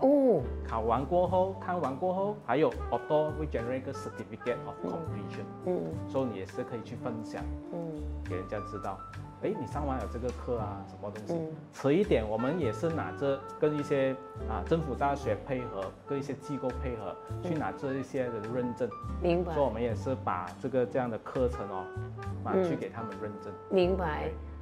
哦、考完過後，看完過後，還有 Auto 會 generate 個 certificate of completion，嗯、所以你也是可以去分享，嗯、給人家知道，哎，你上完有這個課啊，什麼東西？遲、嗯、一點，我們也是拿着跟一些啊政府大學配合，跟一些機構配合，去拿這一些的認證。嗯、明白。所以我們也是把這個這樣的課程哦，拿去給他們認證。嗯、明白。Okay.